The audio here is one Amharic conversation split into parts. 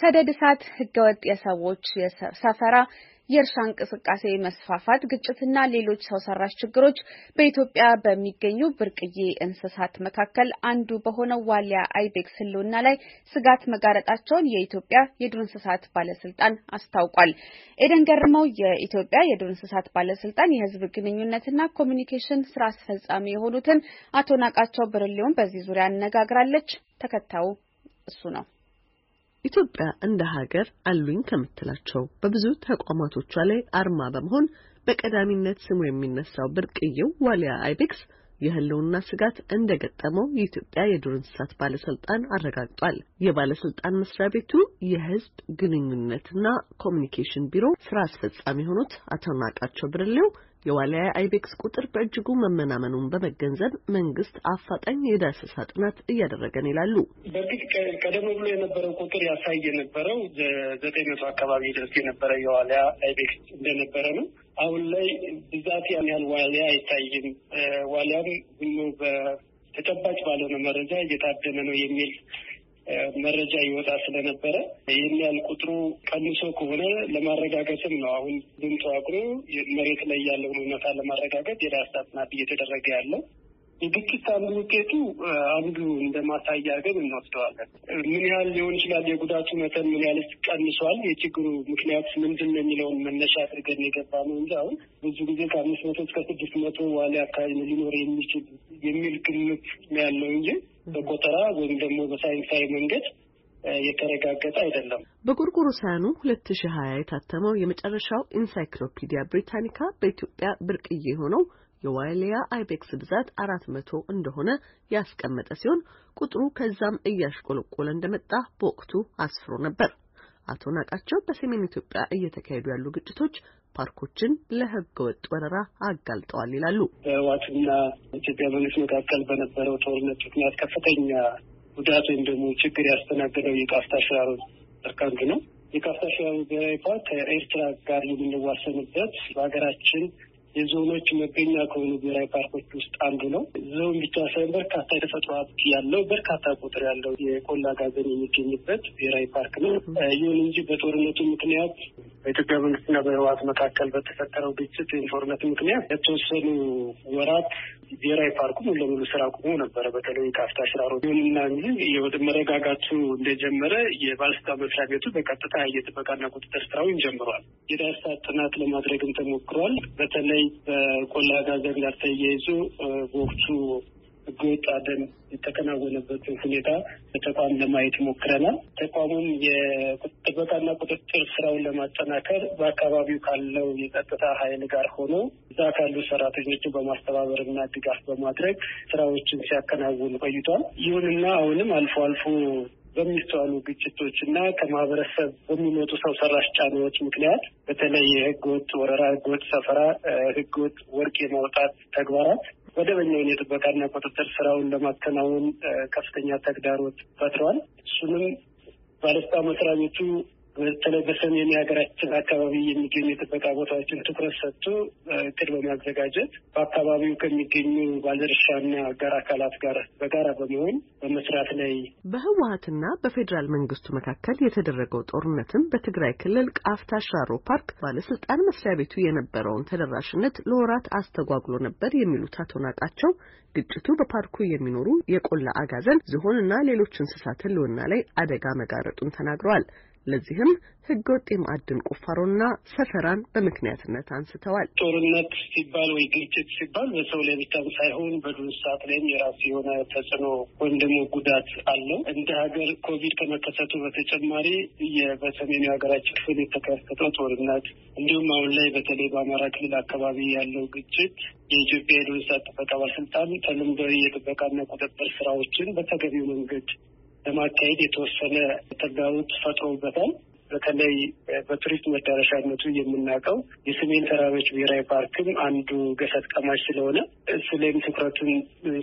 ሰደድ እሳት፣ ህገወጥ የሰዎች ሰፈራ፣ የእርሻ እንቅስቃሴ መስፋፋት፣ ግጭትና ሌሎች ሰው ሰራሽ ችግሮች በኢትዮጵያ በሚገኙ ብርቅዬ እንስሳት መካከል አንዱ በሆነው ዋሊያ አይቤክስ ህልውና ላይ ስጋት መጋረጣቸውን የኢትዮጵያ የዱር እንስሳት ባለስልጣን አስታውቋል። ኤደን ገርመው የኢትዮጵያ የዱር እንስሳት ባለስልጣን የህዝብ ግንኙነትና ኮሚኒኬሽን ስራ አስፈጻሚ የሆኑትን አቶ ናቃቸው ብርሌውን በዚህ ዙሪያ አነጋግራለች። ተከታዩ እሱ ነው። ኢትዮጵያ እንደ ሀገር አሉኝ ከምትላቸው በብዙ ተቋማቶቿ ላይ አርማ በመሆን በቀዳሚነት ስሙ የሚነሳው ብርቅዬው ዋሊያ አይቤክስ የህልውና ስጋት እንደገጠመው የኢትዮጵያ የዱር እንስሳት ባለስልጣን አረጋግጧል። የባለስልጣን መስሪያ ቤቱ የህዝብ ግንኙነትና ኮሚኒኬሽን ቢሮ ስራ አስፈጻሚ የሆኑት አቶ ናቃቸው ብርሌው የዋልያ አይቤክስ ቁጥር በእጅጉ መመናመኑን በመገንዘብ መንግስት አፋጣኝ የዳሰሳ ጥናት እያደረገ ነው ይላሉ። በፊት ቀደም ብሎ የነበረው ቁጥር ያሳይ የነበረው ዘጠኝ መቶ አካባቢ ድረስ የነበረ የዋልያ አይቤክስ እንደነበረ ነው። አሁን ላይ ብዛት ያን ያህል ዋልያ አይታይም። ዋልያም ሁሉ በተጨባጭ ባልሆነ መረጃ እየታደነ ነው የሚል መረጃ ይወጣ ስለነበረ ይህን ያህል ቁጥሩ ቀንሶ ከሆነ ለማረጋገጥም ነው አሁን ግን ተዋቅሮ መሬት ላይ ያለውን እውነታ ለማረጋገጥ የዳሰሳ ጥናት እየተደረገ ያለው። የግጭት አንዱ ውጤቱ አንዱ እንደ ማሳያ ግን እንወስደዋለን። ምን ያህል ሊሆን ይችላል? የጉዳቱ መጠን ምን ያህል ቀንሷል? የችግሩ ምክንያት ምንድን ነው የሚለውን መነሻ አድርገን የገባ ነው እንጂ አሁን ብዙ ጊዜ ከአምስት መቶ እስከ ስድስት መቶ ዋሊያ አካባቢ ሊኖር የሚችል የሚል ግምት ነው ያለው እንጂ በቆጠራ ወይም ደግሞ በሳይንሳዊ መንገድ የተረጋገጠ አይደለም። በጎርጎሮሳውያኑ ሁለት ሺህ ሀያ የታተመው የመጨረሻው ኢንሳይክሎፒዲያ ብሪታኒካ በኢትዮጵያ ብርቅዬ የሆነው የዋይሊያ አይቤክስ ብዛት አራት መቶ እንደሆነ ያስቀመጠ ሲሆን ቁጥሩ ከዛም እያሽቆለቆለ እንደመጣ በወቅቱ አስፍሮ ነበር። አቶ ናቃቸው በሰሜን ኢትዮጵያ እየተካሄዱ ያሉ ግጭቶች ፓርኮችን ወጥ ወረራ አጋልጠዋል ይላሉ። በህወሓትና ኢትዮጵያ መንግስት መካከል በነበረው ጦርነት ምክንያት ከፍተኛ ጉዳት ወይም ደግሞ ችግር ያስተናገደው የቃፍታ ሽራሮ ፓርክ ነው። የካፍታ ሽራሮ ብሔራዊ ፓርክ ከኤርትራ ጋር የምንዋሰንበት በሀገራችን የዞኖች መገኛ ከሆኑ ብሔራዊ ፓርኮች ውስጥ አንዱ ነው። ዞን ብቻ ሳይሆን በርካታ የተፈጥሮ ሀብት ያለው በርካታ ቁጥር ያለው የቆላ ጋዘን የሚገኝበት ብሔራዊ ፓርክ ነው። ይሁን እንጂ በጦርነቱ ምክንያት በኢትዮጵያ መንግስትና በህወሓት መካከል በተፈጠረው ግጭት ኢንፎርመት ምክንያት የተወሰኑ ወራት ብሔራዊ ፓርኩ ሙሉ ለሙሉ ስራ አቁሞ ነበረ። በተለይ ካፍታ ሽራሮ ሆንና እንጂ መረጋጋቱ እንደጀመረ የባለስልጣን መስሪያ ቤቱ በቀጥታ የጥበቃና ቁጥጥር ስራውን ጀምሯል። የዳሳ ጥናት ለማድረግም ተሞክሯል። በተለይ በቆላ ጋዘን ጋር ተያይዞ በወቅቱ ህገወጥ አደን የተከናወነበትን ሁኔታ በተቋም ለማየት ሞክረናል። ተቋሙም የጥበቃና ቁጥጥር ስራውን ለማጠናከር በአካባቢው ካለው የጸጥታ ኃይል ጋር ሆኖ እዛ ካሉ ሰራተኞችን በማስተባበር ድጋፍ በማድረግ ስራዎችን ሲያከናውን ቆይቷል። ይሁንና አሁንም አልፎ አልፎ በሚስተዋሉ ግጭቶች እና ከማህበረሰብ በሚመጡ ሰው ሰራሽ ጫናዎች ምክንያት በተለይ የህገወጥ ወረራ፣ ህገወጥ ሰፈራ፣ ህገወጥ ወርቅ የማውጣት ተግባራት መደበኛውን የጥበቃና ቁጥጥር ስራውን ለማከናወን ከፍተኛ ተግዳሮት ፈጥረዋል። እሱንም ባለስልጣን መስሪያ ቤቱ በተለይ በሰሜን የሀገራችን አካባቢ የሚገኙ የጥበቃ ቦታዎችን ትኩረት ሰጥቶ እቅድ በማዘጋጀት በአካባቢው ከሚገኙ ባለድርሻና አጋር አካላት ጋር በጋራ በመሆን በመስራት ላይ በህወሀትና በፌዴራል መንግስቱ መካከል የተደረገው ጦርነትም በትግራይ ክልል ቃፍታ ሻሮ ፓርክ ባለስልጣን መስሪያ ቤቱ የነበረውን ተደራሽነት ለወራት አስተጓጉሎ ነበር የሚሉት አቶ ናቃቸው ግጭቱ በፓርኩ የሚኖሩ የቆላ አጋዘን ዝሆንና ሌሎች እንስሳት ህልውና ላይ አደጋ መጋረጡን ተናግረዋል። ለዚህም ህገወጥ የማዕድን ቁፋሮና ሰፈራን በምክንያትነት አንስተዋል። ጦርነት ሲባል ወይ ግጭት ሲባል በሰው ላይ ብቻም ሳይሆን በዱር እንስሳት ላይም የራሱ የሆነ ተጽዕኖ ወይም ደግሞ ጉዳት አለው። እንደ ሀገር ኮቪድ ከመከሰቱ በተጨማሪ በሰሜኑ ሀገራችን ክፍል የተከሰተው ጦርነት እንዲሁም አሁን ላይ በተለይ በአማራ ክልል አካባቢ ያለው ግጭት የኢትዮጵያ የዱር እንስሳት ጥበቃ ባለስልጣን ተለምዶ የጥበቃና ቁጥጥር ስራዎችን በተገቢው መንገድ ለማካሄድ የተወሰነ ተግዳሮት ፈጥሮበታል በተለይ በቱሪስት መዳረሻነቱ የምናውቀው የሰሜን ተራሮች ብሔራዊ ፓርክም አንዱ ገሰት ቀማሽ ስለሆነ እሱ ላይም ትኩረቱን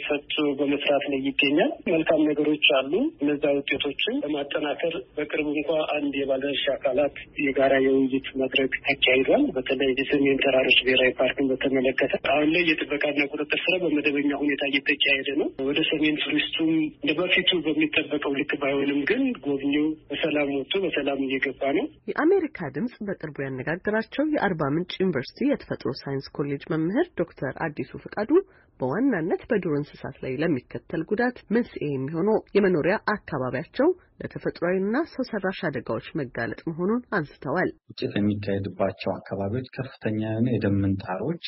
ሰጥቶ በመስራት ላይ ይገኛል። መልካም ነገሮች አሉ። እነዛ ውጤቶችን ለማጠናከር በቅርብ እንኳ አንድ የባለድርሻ አካላት የጋራ የውይይት መድረክ ተካሂዷል። በተለይ የሰሜን ተራሮች ብሔራዊ ፓርክን በተመለከተ አሁን ላይ የጥበቃና ቁጥጥር ስራ በመደበኛ ሁኔታ እየተካሄደ ነው። ወደ ሰሜን ቱሪስቱም እንደ በፊቱ በሚጠበቀው ልክ ባይሆንም ግን ጎብኚው በሰላም ወጥቶ በሰላም እየገ ደስታ ነው። የአሜሪካ ድምጽ በቅርቡ ያነጋገራቸው የአርባ ምንጭ ዩኒቨርሲቲ የተፈጥሮ ሳይንስ ኮሌጅ መምህር ዶክተር አዲሱ ፍቃዱ በዋናነት በዱር እንስሳት ላይ ለሚከተል ጉዳት መንስኤ የሚሆነው የመኖሪያ አካባቢያቸው ለተፈጥሯዊና ሰው ሰራሽ አደጋዎች መጋለጥ መሆኑን አንስተዋል። ግጭት የሚካሄድባቸው አካባቢዎች ከፍተኛ የሆነ የደም ምንጣሮች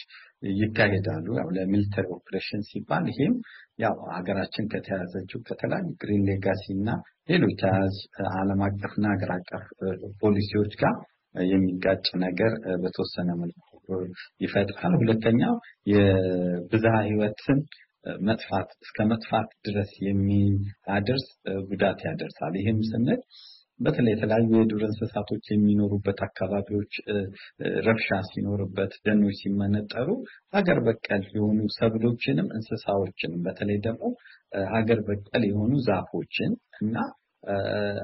ይካሄዳሉ። ያው ለሚሊተሪ ኦፕሬሽን ሲባል ይሄም ያው ሀገራችን ከተያዘችው ከተለያዩ ግሪን ሌጋሲ እና ሌሎች ተያያዥ ዓለም አቀፍና ሀገር አቀፍ ፖሊሲዎች ጋር የሚጋጭ ነገር በተወሰነ መልኩ ይፈጥራል። ሁለተኛው የብዝሃ ህይወትን መጥፋት እስከ መጥፋት ድረስ የሚያደርስ ጉዳት ያደርሳል። ይህም ስንል በተለይ የተለያዩ የዱር እንስሳቶች የሚኖሩበት አካባቢዎች ረብሻ ሲኖርበት፣ ደኖች ሲመነጠሩ ሀገር በቀል የሆኑ ሰብሎችንም እንስሳዎችንም በተለይ ደግሞ ሀገር በቀል የሆኑ ዛፎችን እና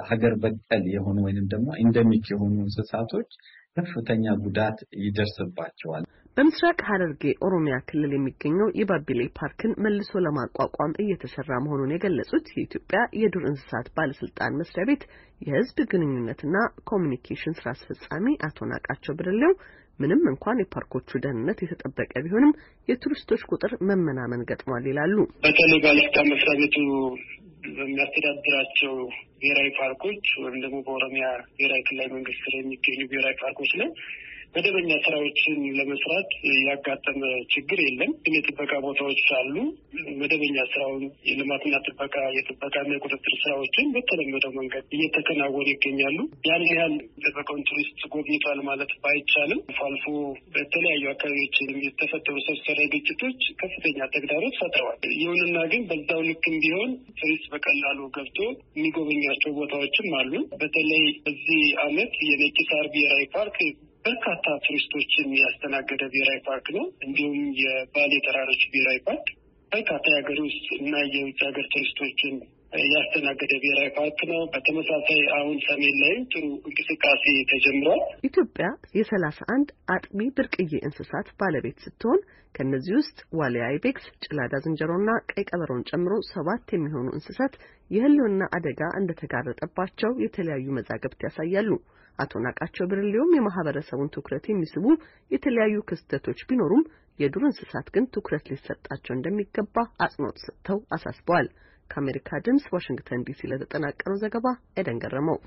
ሀገር በቀል የሆኑ ወይንም ደግሞ ኢንደሚክ የሆኑ እንስሳቶች ከፍተኛ ጉዳት ይደርስባቸዋል። በምስራቅ ሐረርጌ ኦሮሚያ ክልል የሚገኘው የባቢሌ ፓርክን መልሶ ለማቋቋም እየተሰራ መሆኑን የገለጹት የኢትዮጵያ የዱር እንስሳት ባለስልጣን መስሪያ ቤት የሕዝብ ግንኙነትና ኮሚኒኬሽን ስራ አስፈጻሚ አቶ ናቃቸው ብርሌው ምንም እንኳን የፓርኮቹ ደህንነት የተጠበቀ ቢሆንም የቱሪስቶች ቁጥር መመናመን ገጥሟል ይላሉ። በተለይ ባለስልጣን መስሪያ ቤቱ በሚያስተዳድራቸው ብሔራዊ ፓርኮች ወይም ደግሞ በኦሮሚያ ብሔራዊ ክልላዊ መንግስት ስር የሚገኙ ብሔራዊ ፓርኮች ላይ መደበኛ ስራዎችን ለመስራት ያጋጠመ ችግር የለም። ግን የጥበቃ ቦታዎች ሳሉ መደበኛ ስራውን የልማትና ጥበቃ የጥበቃና የቁጥጥር ስራዎችን በተለመደው መንገድ እየተከናወኑ ይገኛሉ። ያን ያህል የጠበቀውን ቱሪስት ጎብኝቷል ማለት ባይቻልም አልፎ አልፎ በተለያዩ አካባቢዎች የተፈጠሩ ሰው ግጭቶች ከፍተኛ ተግዳሮት ፈጥረዋል። ይሁንና ግን በዛው ልክም ቢሆን ቱሪስት በቀላሉ ገብቶ የሚጎበኛቸው ቦታዎችም አሉ። በተለይ በዚህ አመት የነጭ ሳር ብሔራዊ ፓርክ በርካታ ቱሪስቶችን ያስተናገደ ብሔራዊ ፓርክ ነው። እንዲሁም የባሌ ተራሮች ብሔራዊ ፓርክ በርካታ የሀገር ውስጥ እና የውጭ ሀገር ቱሪስቶችን ያስተናገደ ብሔራዊ ፓርክ ነው። በተመሳሳይ አሁን ሰሜን ላይ ጥሩ እንቅስቃሴ ተጀምሯል። ኢትዮጵያ የሰላሳ አንድ አጥቢ ብርቅዬ እንስሳት ባለቤት ስትሆን ከእነዚህ ውስጥ ዋልያ አይቤክስ፣ ጭላዳ ዝንጀሮና ቀይ ቀበሮን ጨምሮ ሰባት የሚሆኑ እንስሳት የህልውና አደጋ እንደተጋረጠባቸው የተለያዩ መዛግብት ያሳያሉ። አቶ ናቃቸው ብርሌውም የማህበረሰቡን ትኩረት የሚስቡ የተለያዩ ክስተቶች ቢኖሩም የዱር እንስሳት ግን ትኩረት ሊሰጣቸው እንደሚገባ አጽንኦት ሰጥተው አሳስበዋል። ከአሜሪካ ድምጽ ዋሽንግተን ዲሲ ለተጠናቀረው ዘገባ ኤደን ገረመው